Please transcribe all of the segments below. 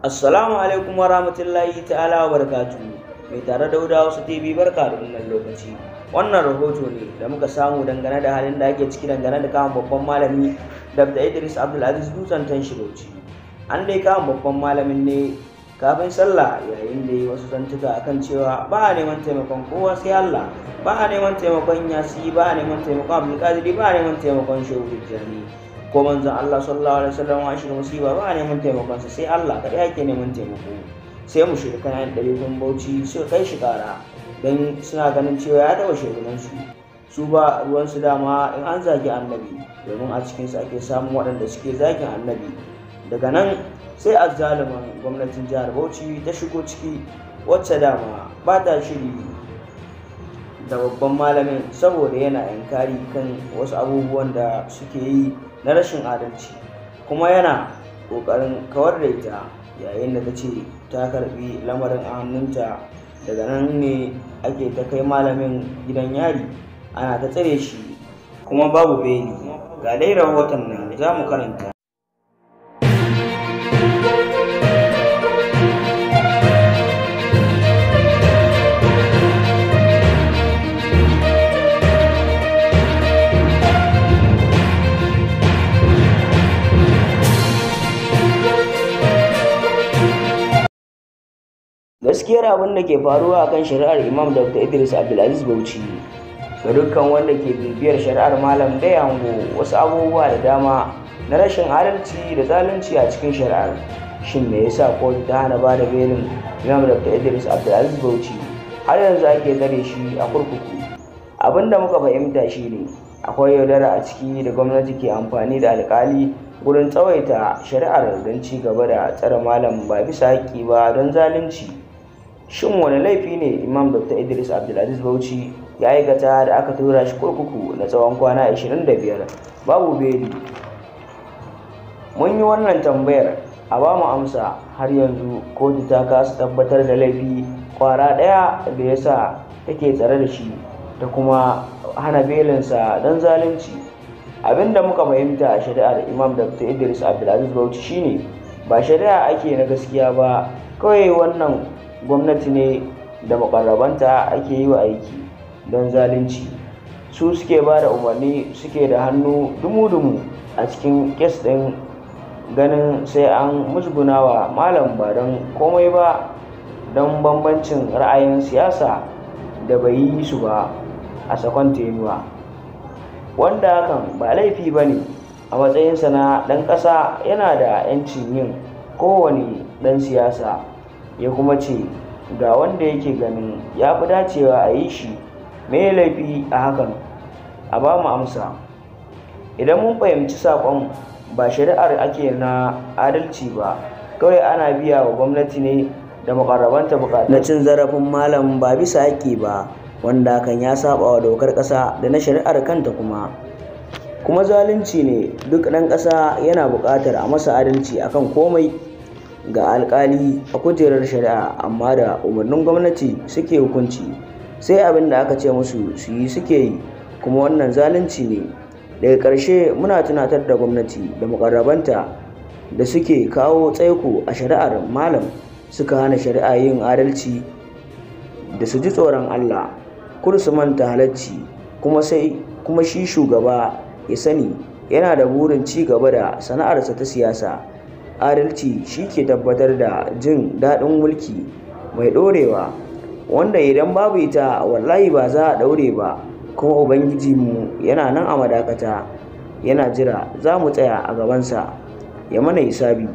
Assalamu alaikum wa rahmatullahi ta'ala wa barakatu mai tare da wuda wasu TV barka da wannan lokaci. Wannan rahoto ne da muka samu dangane da halin da ake ciki dangane da kama babban malami Dr. Idris Abdulaziz Dutsen Tanshirauci. An dai kama babban malamin ne kafin sallah yayin da yi wasu zantuka akan cewa ba a neman taimakon kowa sai Allah ba a neman taimakon yasi ba a neman taimakon abdulkadiri ba a neman taimakon shehu jami'i ko manzon Allah sallallahu alaihi wasallam ya shiga musiba ba mun neman taimakonsa sai Allah kaɗai ake neman taimako sai mu shirka na da bauchi suka kai shi ƙara don suna ganin cewa ya taɓa shugaban su su ba ruwan ruwansu dama in an zagi annabi domin a cikinsu ake samun waɗanda suke zagin annabi daga nan sai azzaluman gwamnatin jihar bauchi ta shigo ciki wacce dama ba ta shiri da babban malamin saboda yana inkari kan wasu abubuwan da suke yi na rashin adalci kuma yana ƙoƙarin kawar da ita yayin da ta ce ta karɓi lamarin a hannunta daga nan ne ake ta kai malamin gidan yari ana ta tsare shi kuma babu beli ga dai rahoton nan za mu karanta gaskiyar abin da ke faruwa a kan shari'ar imam dr idris abdulaziz bauchi ga dukkan wanda ke bibiyar shari'ar malam dayango wasu abubuwa da dama na rashin adalci da zalunci a cikin shari'ar shin me yasa kotu ta hana ba da belin imam dr idris abdulaziz bauchi har yanzu ake tsare shi a kurkuku abin da muka fahimta shi ne, akwai yaudara a ciki da gwamnati ke amfani da alkali gurin tsawaita shari'ar don ci gaba da tsare malam ba bisa haƙƙi ba don zalunci shin wani laifi ne imam dr idris abdulaziz bauchi ya aikata da aka tura shi kurkuku na tsawon kwana 25 babu beli mun yi wannan tambayar a ba mu amsa har yanzu kotu ta kasa tabbatar da laifi kwara ɗaya da ya sa take tsare da shi da kuma hana belinsa don zalunci abinda muka fahimta a shari'ar imam dr idris abdulaziz bauchi shine ba shari'a ake na gaskiya ba kawai wannan gwamnati ne da makarrabanta ake yi wa aiki don zalunci su suke ba da umarni suke da hannu dumu-dumu a cikin kes ɗin ganin sai an musguna wa malam ba don komai ba don bambancin ra'ayin siyasa da bai yi su ba a sakon tenuwa wanda hakan ba laifi ba ne a matsayinsa na ɗan ƙasa yana da 'yancin yin kowane ɗan siyasa ya kuma ce ga wanda yake gani ya fi dacewa a yi shi mai laifi a hakan a ba mu amsa idan mun fahimci saƙon ba shari'ar ake na adalci ba kawai ana biya wa gwamnati ne da makarabanta bukatu na cin zarafin malam ba bisa haƙƙi ba wanda kan ya saba wa dokar ƙasa da na shari'ar kanta kuma kuma zalunci ne duk ɗan ƙasa yana buƙatar a masa adalci akan komai ga alkali a kujerar shari'a amma da umarnin gwamnati suke hukunci sai abin da aka ce musu su yi suke yi kuma wannan zalunci ne daga ƙarshe muna tunatar da gwamnati da mukarrabanta da suke kawo tsaiko a shari'ar malam suka hana shari'a yin adalci da su ji tsoron allah kur su manta halacci sai kuma shi shugaba ya sani yana da burin ci gaba da sana'arsa ta siyasa adalci shi ke tabbatar da jin daɗin mulki mai ɗorewa wanda idan babu ita wallahi ba za a ɗaure ba kuma ubangiji mu yana nan a madakata yana jira za mu tsaya a gabansa ya mana hisabi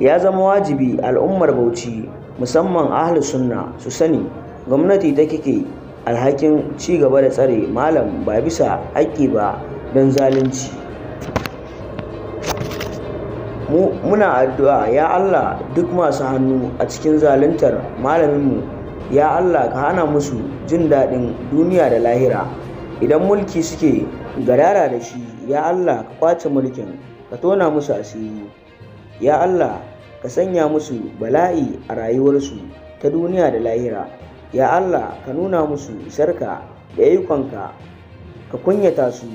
ya zama wajibi al'ummar bauchi musamman ahal sunna su sani gwamnati ta kike alhakin ci gaba da tsare malam ba bisa haƙƙi ba don zalunci muna addu'a ya Allah duk masu hannu a cikin zaluntar malaminmu ya Allah ka hana musu jin daɗin duniya da lahira idan mulki suke gadara da shi ya Allah ka kwace mulkin ka tona musu asiri ya Allah ka sanya musu bala'i a rayuwarsu ta duniya da lahira ya Allah ka nuna musu isarka da ikonka ka kunyata su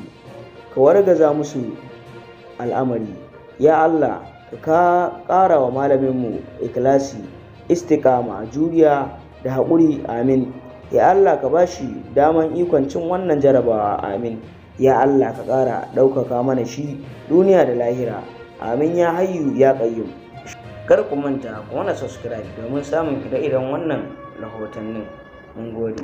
ka wargaza musu al'amari ya Allah ka ƙara wa malaminmu ikilasi istikama juriya da haƙuri amin ya Allah ka shi daman ikon cin wannan jarabawa amin ya Allah ka ƙara ɗaukaka mana shi duniya da lahira amin ya hayu ya ƙayyum kar ku manta ku wani subscribe domin samun ire-iren wannan rahotannin mun